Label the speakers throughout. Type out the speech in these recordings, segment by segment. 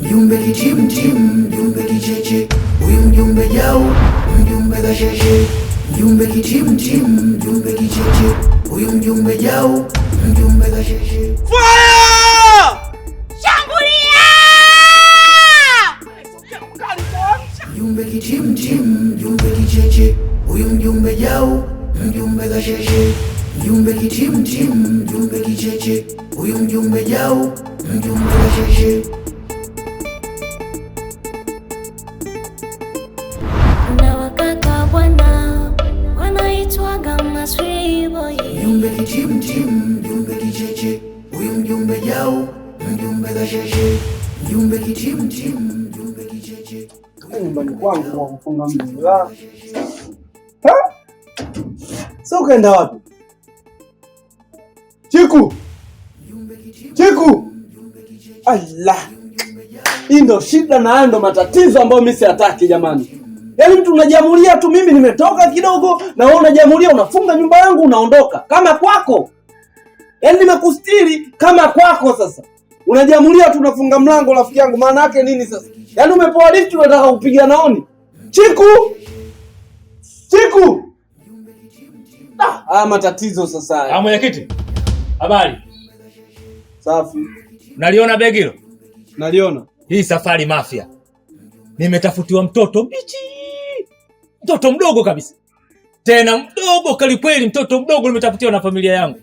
Speaker 1: Mjumbe kitimtim, mjumbe kicheche, huyu mjumbe Jau, mjumbe Kasheshe. Mjumbe kitimtim, mjumbe kicheche, huyu mjumbe Jau, mjumbe Kasheshe. Fire! Shambulia! Mjumbe kitimtim, mjumbe kicheche, huyu mjumbe Jau, mjumbe Kasheshe. Mjumbe kitimtim, mjumbe kicheche, huyu mjumbe Jau, mjumbe Kasheshe. nyumbani kwangu wa kufunga ukaenda wapi? Chiku, Chiku, hii ndo shida na haya ndo matatizo ambayo mimi siyataki jamani. Yaani mtu unajamulia tu, mimi nimetoka kidogo na wewe unajamulia, unafunga nyumba yangu unaondoka kama kwako, yaani nimekustiri kama kwako sasa unajamulia tu unafunga mlango rafiki yangu, maana yake nini sasa? Yaani umepewa lift unataka kupiga naoni? Chiku, Chiku, ah, haya matatizo sasa haya.
Speaker 2: Ah, mwenyekiti, habari? Safi. Naliona begi hilo? Naliona. Hii safari Mafia nimetafutiwa mtoto mbichi, mtoto mdogo kabisa, tena mdogo kweli, mtoto mdogo nimetafutiwa na familia yangu.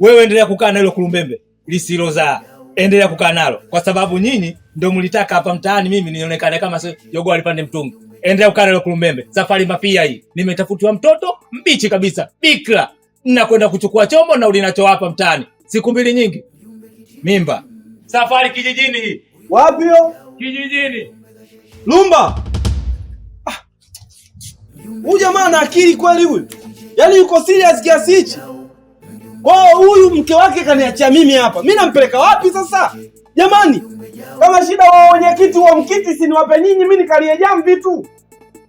Speaker 2: Wewe endelea kukaa na hilo kulumbembe lisilozaa endelea kukaa nalo, kwa sababu nyinyi ndio mlitaka hapa mtaani mimi nionekane kama jogoo alipande mtungi. Endelea kukaa nalo kulumbembe. Safari mapia hii, nimetafutiwa mtoto mbichi kabisa, bikra, nakwenda kuchukua chombo na ulinacho hapa mtaani, siku mbili nyingi mimba. Safari kijijini hii.
Speaker 1: Wapi yo?
Speaker 2: Kijijini
Speaker 1: Lumba. Ah. Huyu jamaa ana akili kweli huyu, yaani yuko serious kiasi hichi? Kwa huyu mke wake kaniachia mimi hapa, mi nampeleka wapi sasa? Jamani, kama shida wa mwenyekiti wa mkiti, si niwape nyinyi, mi nikalie jamvi tu,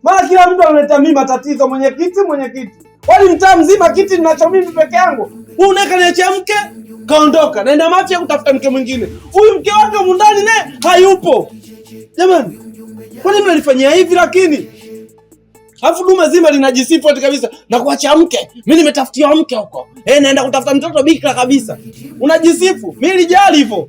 Speaker 1: maana kila mtu analeta mimi matatizo. Mwenyekiti, mwenyekiti, wali mtaa mzima kiti ninacho mimi peke yangu, huyu naye kaniachia mke kaondoka, naenda machi ya kutafuta mke mwingine. Huyu mke wake mundani naye hayupo. Jamani, kwani mnalifanyia hivi lakini Alafu dume zima linajisifu ati kabisa na kuacha mke. Mimi nimetafutia mke huko. Eh, naenda kutafuta mtoto bikra kabisa. Unajisifu. Mimi nilijali hivyo.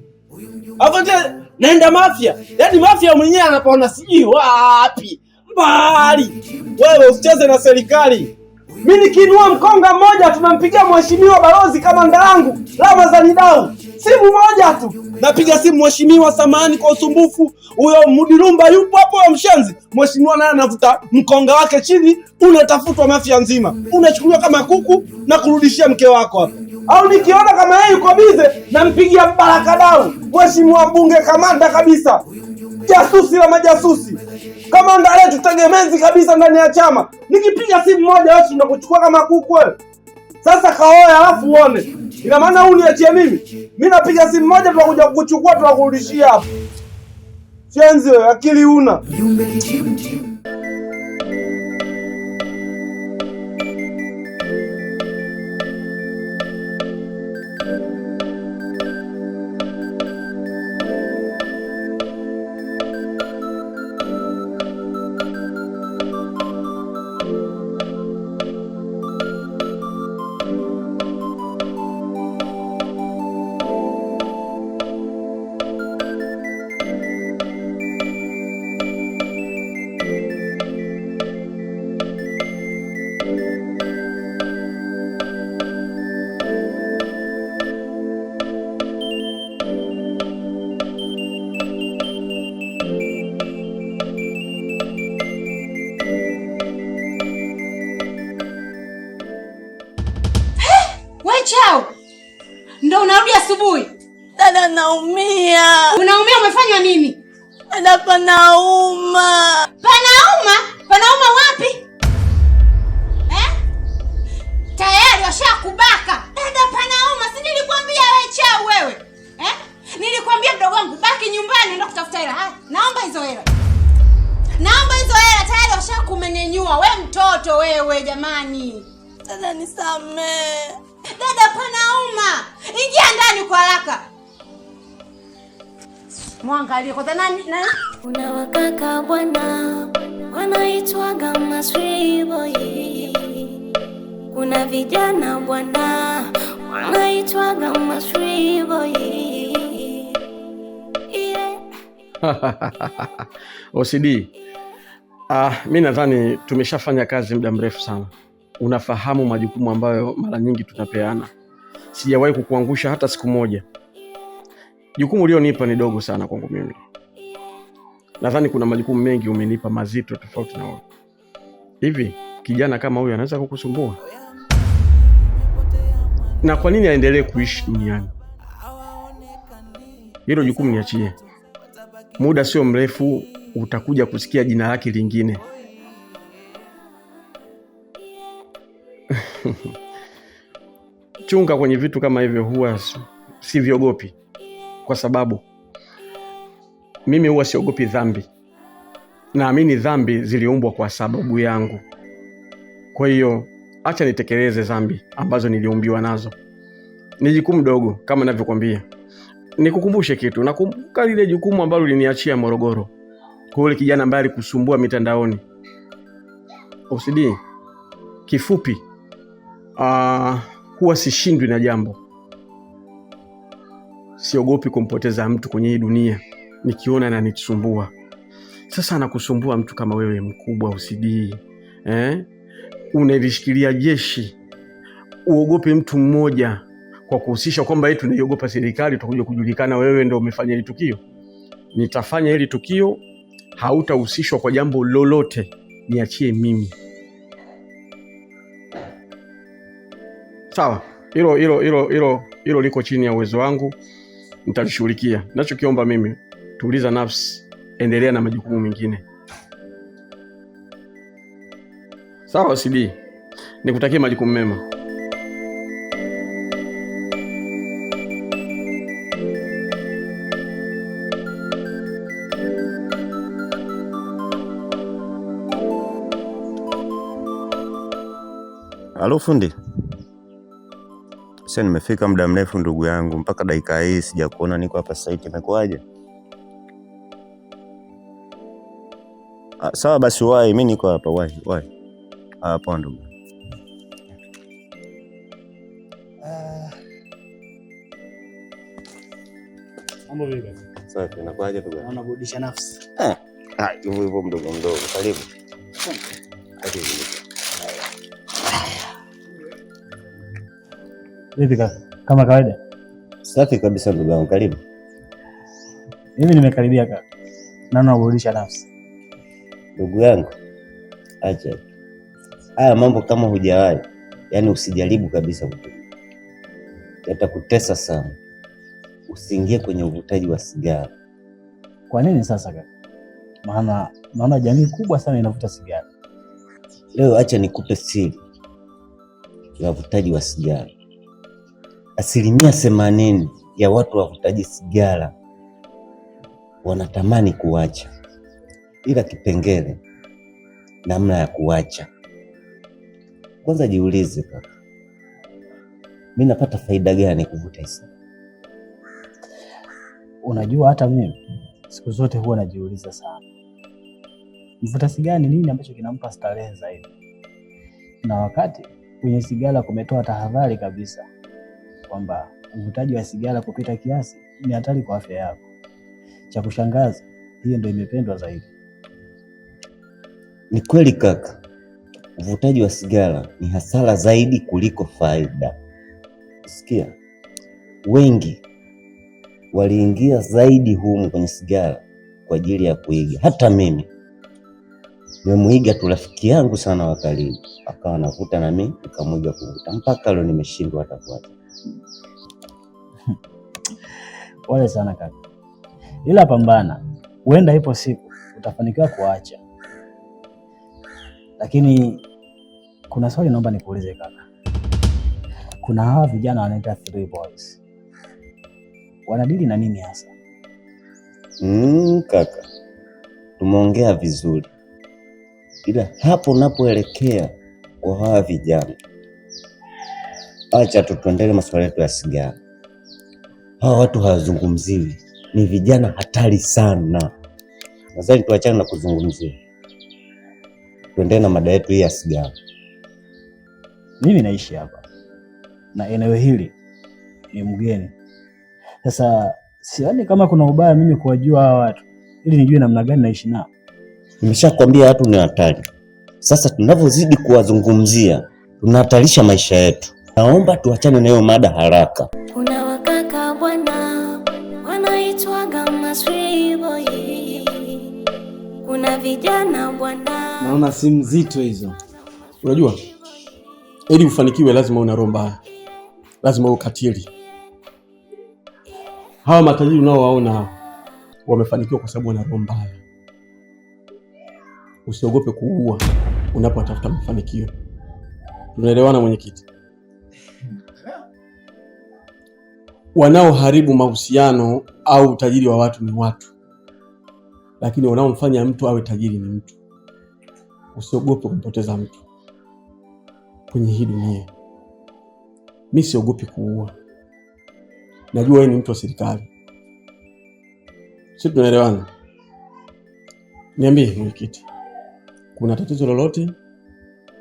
Speaker 1: Alafu tena naenda mafia. Yaani mafia mwenyewe anapoona sijui wapi. Mbali. Wewe usicheze na serikali. Mimi nikinua mkonga mmoja tunampigia mheshimiwa balozi kama lama Ramadhani Dau simu moja tu, napiga simu mheshimiwa, samahani kwa usumbufu. Huyo mudirumba yupo hapo mshenzi, mheshimiwa naye anavuta mkonga wake chini, unatafutwa Mafia nzima, unachukuliwa kama kuku na kurudishia mke wako hapo au nikiona kama yeye yuko bize, nampigia baraka dau, mheshimiwa mbunge, kamanda kabisa, jasusi la majasusi, kamanda letu tegemezi kabisa ndani ya chama. Nikipiga simu moja, wewe unakuchukua kama kuku wewe. Sasa kaoe alafu uone. Ina maana huu niachie mimi? Mimi napiga simu moja tunakuja kukuchukua tunakurudishia hapo. Chenzi wewe akili una.
Speaker 3: alikota nani na una wakaka bwana wanaitwaga maswiboi. Kuna
Speaker 2: vijana bwana wanaitwaga maswiboi. Yeah. OCD. Ah, mi nadhani tumeshafanya kazi muda mrefu sana. Unafahamu majukumu ambayo mara nyingi tunapeana. Sijawahi kukuangusha hata siku moja. Jukumu ulionipa ni dogo sana kwangu mimi. Nadhani kuna majukumu mengi umenipa mazito tofauti na wewe. Hivi kijana kama huyu anaweza kukusumbua? Na kwa nini aendelee kuishi duniani? Hilo jukumu niachie. Muda sio mrefu utakuja kusikia jina lake lingine. Chunga kwenye vitu kama hivyo, huwa sivyogopi kwa sababu mimi huwa siogopi dhambi. Naamini dhambi ziliumbwa kwa sababu yangu, kwa hiyo acha nitekeleze dhambi ambazo niliumbiwa nazo. Ni jukumu dogo kama navyokwambia. Nikukumbushe kitu, nakumbuka lile jukumu ambalo liniachia Morogoro kwa kijana ambaye alikusumbua mitandaoni OCD. Kifupi, uh, huwa sishindwi na jambo siogopi kumpoteza mtu kwenye hii dunia nikiona ananisumbua. Sasa anakusumbua mtu kama wewe mkubwa usidii eh? Unalishikilia jeshi, uogope mtu mmoja kwa kuhusisha kwamba eti unaiogopa serikali, utakuja kujulikana wewe ndio umefanya hili tukio. Nitafanya hili tukio, hautahusishwa kwa jambo lolote, niachie mimi. Sawa, hilo hilo hilo hilo liko chini ya uwezo wangu nitalishughulikia. Nachokiomba mimi, tuuliza nafsi, endelea na majukumu mengine. Sawa CD, nikutakia majukumu mema.
Speaker 4: Halo fundi. Sasa nimefika muda mrefu ndugu yangu, mpaka dakika hii sijakuona, niko hapa sasa hivi, imekuwaje? Ah, sawa basi, wai, mimi niko hapa, wai, wai. Ah, poa ndugu. Mambo vipi? Safi, inakuaje ndugu?
Speaker 5: Naona burudisha nafsi.
Speaker 4: Ah, hivyo hivyo mdogo mdogo. Karibu. Karibu.
Speaker 5: Vipi kaka? Kama kawaida?
Speaker 4: Safi kabisa ndugu yangu, karibu.
Speaker 5: Mimi nimekaribia kaka. Na naburudisha nafsi.
Speaker 4: Ndugu yangu, acha. Haya mambo kama hujawahi, yaani usijaribu kabisa kutu. Yatakutesa sana. Usiingie kwenye uvutaji wa sigara.
Speaker 5: Kwa nini sasa kaka? Maana naona jamii kubwa sana inavuta sigara.
Speaker 4: Leo acha nikupe siri ya uvutaji wa sigara asilimia themanini ya watu wavutaji sigara wanatamani kuacha, ila kipengele namna ya kuacha. Kwanza jiulize kaka, mi napata faida gani kuvuta hisi?
Speaker 5: Unajua, hata mimi siku zote huwa najiuliza sana, mvuta sigara ni nini ambacho kinampa starehe zaidi, na wakati kwenye sigara kumetoa tahadhari kabisa kwamba uvutaji wa sigara kupita kiasi ni hatari kwa afya yako. Cha kushangaza, hiyo ndio imependwa zaidi.
Speaker 4: Ni kweli kaka, uvutaji wa sigara ni hasara zaidi kuliko faida. Sikia, wengi waliingia zaidi humu kwenye sigara kwa ajili ya kuiga. Hata mimi nimemuiga tu rafiki yangu sana wa karibu, akawa anavuta na mimi nikamwiga kuvuta, mpaka leo nimeshindwa hata kuacha.
Speaker 5: Pole sana kaka, ila pambana, huenda ipo siku utafanikiwa kuacha. Lakini kuna swali naomba nikuulize kaka. Kuna hawa vijana wanaita three boys, wanadili na nini hasa?
Speaker 4: Mm, kaka tumeongea vizuri, ila hapo unapoelekea kwa hawa vijana acha tutuendele masuala yetu ya sigara. Hawa watu hawazungumziwi, ni vijana hatari sana. Nadhani tuachane na kuzungumzia, tuendele na mada yetu hii ya sigara.
Speaker 5: Mimi naishi hapa na eneo hili ni mgeni, sasa sioni kama kuna ubaya mimi kuwajua hawa watu ili nijue namna gani naishi nao.
Speaker 4: Nimeshakwambia watu ni hatari. Sasa tunavyozidi kuwazungumzia tunahatarisha maisha yetu. Naomba tuachane na hiyo mada haraka. Kuna wakaka bwana
Speaker 5: boy. Kuna vijana bwana. Naona simu zito hizo. Unajua? Ili ufanikiwe lazima una roho mbaya. Lazima ukatili. Hawa matajiri unaowaona wamefanikiwa kwa sababu wana roho mbaya. Usiogope kuua unapotafuta mafanikio. Tunaelewana mwenyekiti? wanaoharibu mahusiano au utajiri wa watu ni watu, lakini wanaomfanya mtu awe tajiri ni mtu. Usiogope kumpoteza mtu kwenye hii dunia. Mi siogopi kuua, najua wewe ni mtu wa serikali, si tunaelewana? Niambie mwenyekiti, kuna tatizo lolote?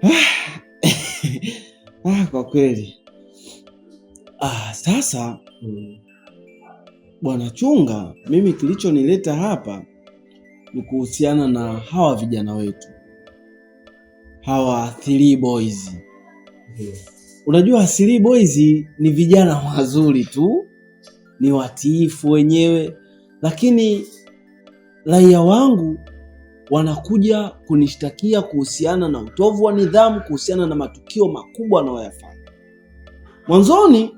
Speaker 1: Ah, kwa kweli Ah, sasa mm. Bwana Chunga, mimi kilichonileta hapa ni kuhusiana na hawa vijana wetu hawa three boys yeah. Unajua three boys ni vijana wazuri tu, ni watiifu wenyewe, lakini raia wangu wanakuja kunishtakia kuhusiana na utovu wa nidhamu, kuhusiana na matukio makubwa wanayoyafanya. Mwanzoni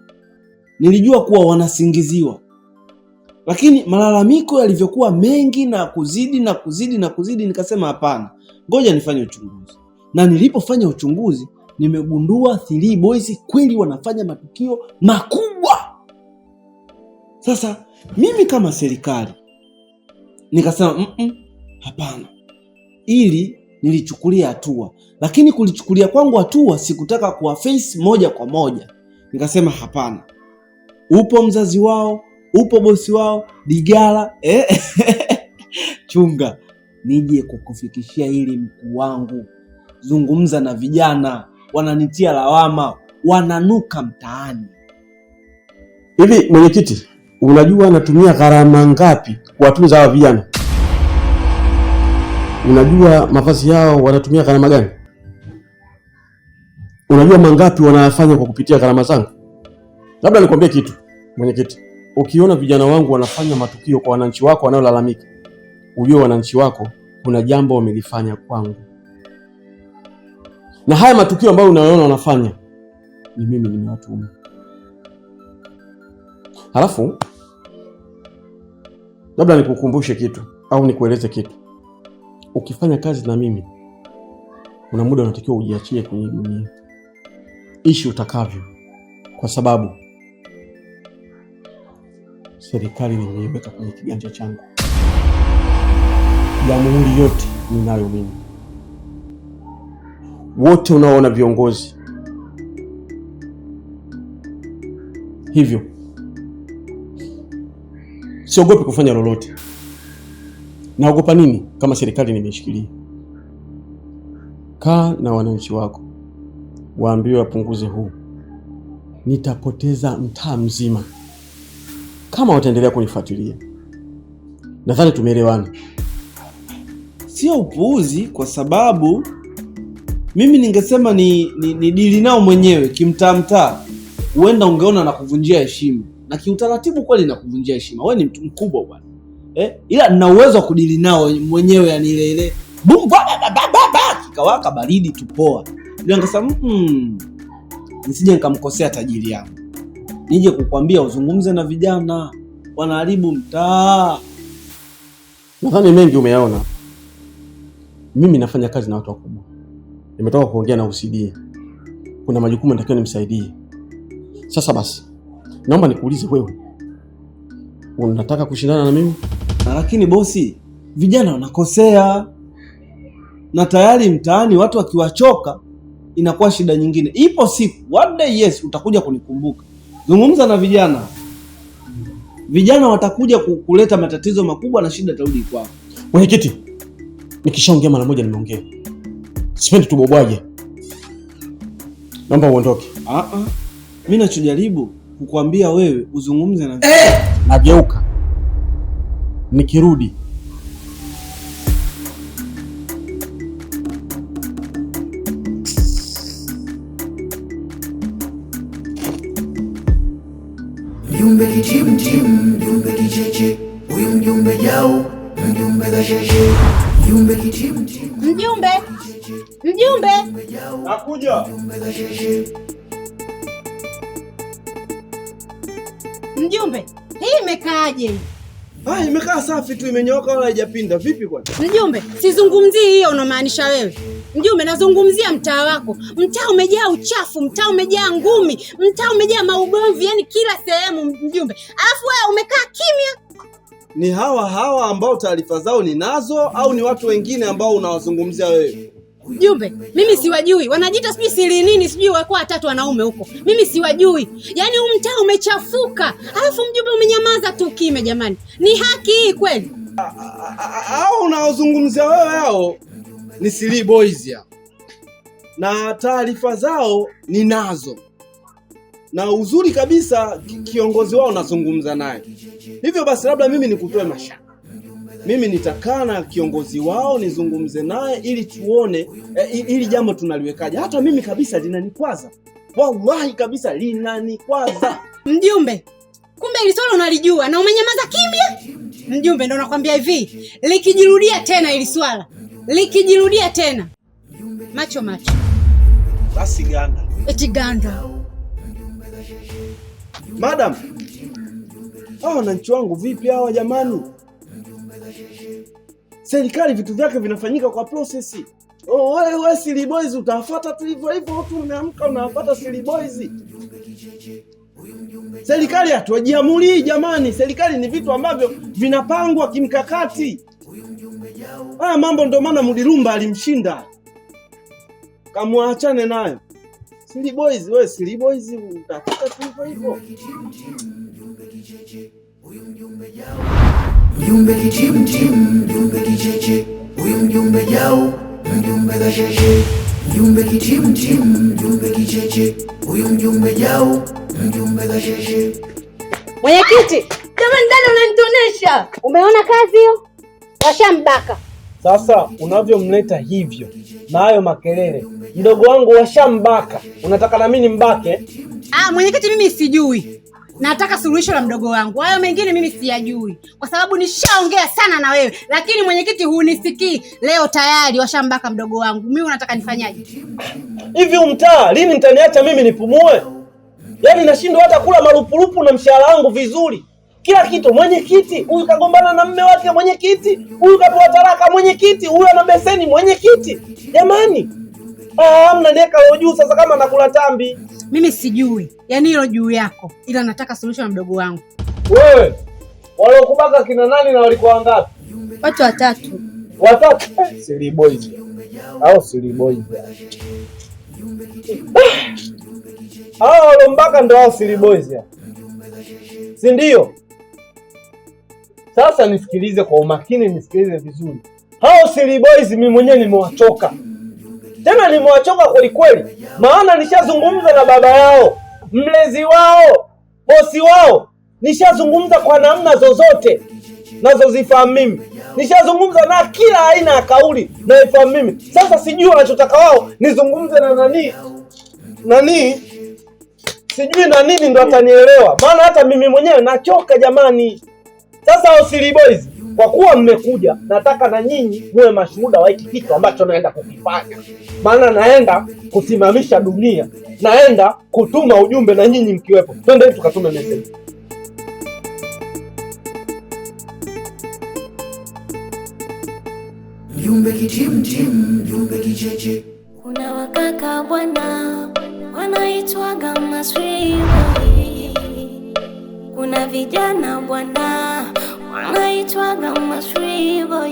Speaker 1: nilijua kuwa wanasingiziwa, lakini malalamiko yalivyokuwa mengi na kuzidi na kuzidi na kuzidi, nikasema hapana, ngoja nifanye uchunguzi. Na nilipofanya uchunguzi, nimegundua Three Boys kweli wanafanya matukio makubwa. Sasa mimi kama serikali nikasema mm -mm, hapana, ili nilichukulia hatua, lakini kulichukulia kwangu hatua sikutaka kuwa face moja kwa moja, nikasema hapana upo mzazi wao, upo bosi wao Digara eh? Chunga nije kukufikishia hili mkuu wangu, zungumza na vijana, wananitia lawama, wananuka mtaani.
Speaker 2: Hivi mwenyekiti, unajua anatumia gharama ngapi kuwatunza hawa vijana? Unajua mavazi yao wanatumia gharama gani? Unajua mangapi wanayafanya kwa kupitia gharama zangu? Labda nikwambie kitu mwenyekiti, ukiona vijana wangu wanafanya matukio kwa wananchi wako wanayolalamika, ujue wananchi wako kuna jambo wamelifanya kwangu, na haya matukio ambayo unayoona wanafanya ni mimi nimewatuma. Halafu labda nikukumbushe kitu au nikueleze kitu. Ukifanya kazi na mimi, kuna muda unatakiwa ujiachie kwenye dunia, ishi utakavyo, kwa sababu serikali nimeiweka kwenye kiganja changu. Jamhuri yote ninayo mimi. Wote unaoona viongozi hivyo, siogopi kufanya lolote. Naogopa nini kama serikali nimeishikilia? Kaa na wananchi wako, waambiwe wapunguze huu, nitapoteza mtaa mzima kama wataendelea kunifuatilia. Nadhani tumeelewana,
Speaker 1: sio upuuzi, kwa sababu mimi ningesema ni, ni, ni dili nao mwenyewe kimtaamtaa, huenda ungeona na kuvunjia heshima na kiutaratibu kweli na kuvunjia heshima. Wewe ni mtu mkubwa bwana eh? Ila nina uwezo wa kudili nao mwenyewe, yani ile ile bum kikawaka baridi tupoa, ila ngasema mm, nisije nikamkosea tajiri yangu nije kukwambia uzungumze na vijana, wanaharibu mtaa.
Speaker 2: Nadhani mengi umeyaona. Mimi nafanya kazi na watu wakubwa, nimetoka kuongea na OCD, kuna majukumu natakiwa nimsaidie. Sasa basi, naomba nikuulize wewe, unataka kushindana na mimi?
Speaker 1: Lakini bosi, vijana wanakosea, na tayari mtaani watu wakiwachoka inakuwa shida nyingine. Ipo siku one day, yes, utakuja kunikumbuka Zungumza na vijana, vijana watakuja kuleta matatizo makubwa na shida tarudi kwao.
Speaker 2: Mwenyekiti, nikishaongea mara moja nimeongea, sipendi tubobwaje, naomba uondoke.
Speaker 1: Ah ah, mimi nachojaribu kukuambia wewe uzungumze na
Speaker 2: eh! Nageuka nikirudi
Speaker 3: Kuja mjumbe, hii imekaaje?
Speaker 1: Ah, imekaa safi tu, imenyooka wala haijapinda. Vipi kwa?
Speaker 3: Mjumbe, sizungumzii hiyo unamaanisha wewe. Mjumbe, nazungumzia mtaa wako. Mtaa umejaa uchafu, mtaa umejaa ngumi, mtaa umejaa maugomvi, yani kila sehemu mjumbe. Alafu wewe umekaa kimya.
Speaker 1: Ni hawa hawa ambao taarifa zao ninazo au ni watu wengine ambao unawazungumzia wewe?
Speaker 3: Jumbe, mimi siwajui, wanajiita sijui siri nini, sijui wako watatu wanaume huko, mimi siwajui. Yaani huu mtaa umechafuka, alafu mjumbe umenyamaza tu kime. Jamani, ni haki hii kweli?
Speaker 1: au unaozungumzia wewe, hao ni Siri boys ya na taarifa zao ninazo, na uzuri kabisa kiongozi wao nazungumza naye. Hivyo basi, labda mimi nikutoe mashaka mimi nitakaa na kiongozi wao nizungumze naye ili tuone eh, ili jambo tunaliwekaje. Hata mimi kabisa linanikwaza, wallahi kabisa linanikwaza
Speaker 3: mjumbe. Kumbe hili swala unalijua na umenyamaza kimya mjumbe. Ndo nakwambia hivi, likijirudia tena ili swala likijirudia tena, macho macho,
Speaker 1: basi ganda
Speaker 3: eti ganda.
Speaker 1: Madam, hawa wananchi wangu vipi hawa jamani? serikali vitu vyake vinafanyika kwa prosesi. Oh, wewe wewe Silly Boys utafuata tu hivyo hivyo tu, umeamka unafuata Silly Boys. Serikali hatujiamulii jamani, serikali ni vitu ambavyo vinapangwa kimkakati. Haya mambo ndio maana Mulirumba alimshinda, kamwachane nayo. Silly Boys wewe, Silly Boys utafuata tu hivyo hivyo.
Speaker 6: Mjumbe mjumbe kicheche, huyu mjumbe Jau, mjumbe Mjumbe mjumbe kicheche, huyu mjumbe Jau, mjumbe
Speaker 3: Mwenyekiti, kama ndani unanitonesha. Umeona kazi hiyo? Washambaka.
Speaker 1: Sasa unavyomleta hivyo na hayo makelele, mdogo wangu washambaka, unataka na mimi nimbake?
Speaker 3: Ah, mwenyekiti, mimi sijui nataka suluhisho la mdogo wangu. Hayo mengine mimi siyajui, kwa sababu nishaongea sana na wewe, lakini mwenyekiti hunisikii. Leo tayari washambaka mdogo wangu. Mimi unataka nifanyaje?
Speaker 1: Hivi umtaa lini nitaniacha mimi nipumue? Yaani nashindwa hata kula marupurupu na mshahara wangu vizuri, kila kitu. Mwenyekiti huyu kagombana na mme wake, mwenyekiti huyu kapewa talaka, mwenyekiti huyu ana beseni, mwenyekiti. Jamani, ah, mnaniweka leo juu sasa, kama nakula tambi.
Speaker 3: Mimi sijui, yaani hilo juu yako, ila nataka solution ya mdogo wangu.
Speaker 1: Wewe waliokubaka kina nani na walikuwa wangapi?
Speaker 3: Watu watatu.
Speaker 1: Watatu eh, siri boys au siri boys eh, hao walombaka ndo hao siri boys ya, si ndio? Sasa nisikilize kwa umakini, nisikilize vizuri. Hao siri boys mimi mwenyewe nimewachoka tena nimewachoka kwelikweli, maana nishazungumza na baba yao, mlezi wao, bosi wao, nishazungumza kwa namna zozote nazozifahamu mimi, nishazungumza na kila aina ya kauli naifahamu mimi. Sasa sijui wanachotaka wao nizungumze na nani nani, sijui na nini ndo atanielewa, maana hata mimi mwenyewe nachoka jamani. Sasa Osili Boys kwa kuwa mmekuja, nataka na nyinyi muwe mashuhuda wa hiki kitu ambacho naenda kukifanya, maana naenda kusimamisha dunia, naenda kutuma ujumbe na nyinyi mkiwepo. Twende tukatume meseji.
Speaker 6: Jumbe kitimtim, jumbe kicheche. Kuna wakaka bwana wanaitwaga maswiri, kuna vijana bwana Nights were on my river,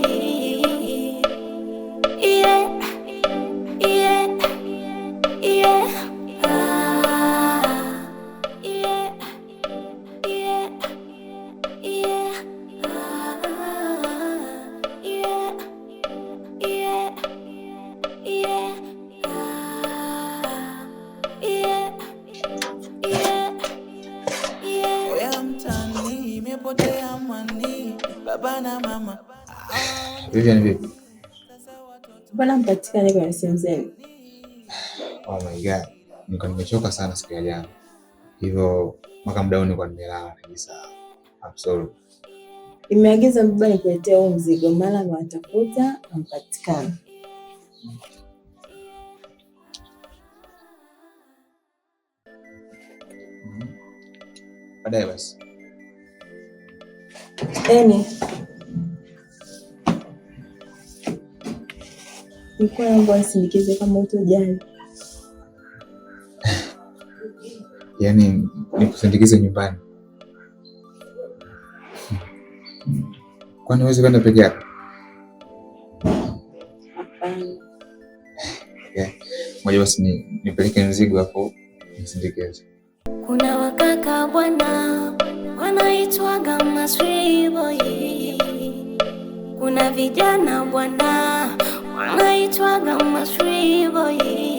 Speaker 7: gani simu zenu?
Speaker 8: Oh my god, nimechoka sana siku ya jana, hivyo mpaka muda huu nilikuwa nimelala kabisa. Absolute
Speaker 7: imeagiza baba nikuletea huu mzigo, maana nawatafuta ampatikana. Baadaye basi. Yaani, Nilikuwa naomba kama utojali.
Speaker 8: Yaani nikusindikize nyumbani? Kwani huwezi kwenda peke yako? Moja basi nipeleke mzigo hapo nisindikize.
Speaker 6: Kuna wakaka bwana wanaitwaga maswiboi, kuna vijana bwana Why you talk about my boy?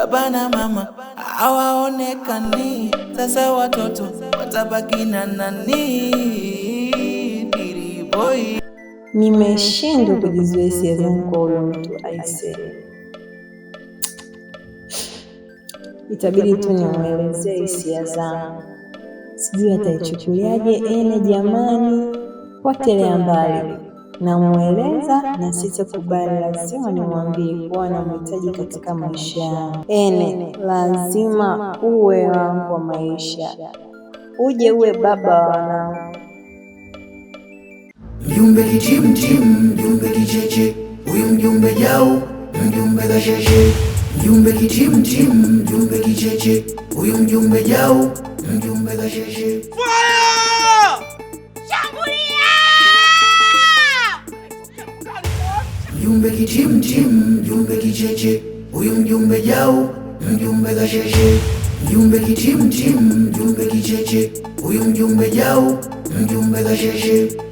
Speaker 6: Labana mama hawaonekani, sasa watoto watabaki na nani? Diriboi,
Speaker 7: nimeshindwa kujizuia hisia zangu kwa huyo mtu aise. Itabidi tu nimwelezee hisia zangu, sijui ataichukuliaje. Ene jamani, potelea mbali namweleza na sitakubali, lazima nimwambie kuwa namhitaji katika maisha yangu. Ene, lazima uwe wangu wa maisha, uje uwe baba wanangu.
Speaker 6: Mjumbe kichimchim, mjumbe kicheche, huyu mjumbe Jau, mjumbe Kasheshe. Mjumbe kichimchim, mjumbe kicheche, huyu mjumbe Jau, mjumbe Kasheshe. mjumbe kichimchim, mjumbe kicheche, huyu mjumbe jau, mjumbe gasheshe Mjumbe kitimtim mjumbe kicheche, huyu mjumbe jau, mjumbe kasheshe.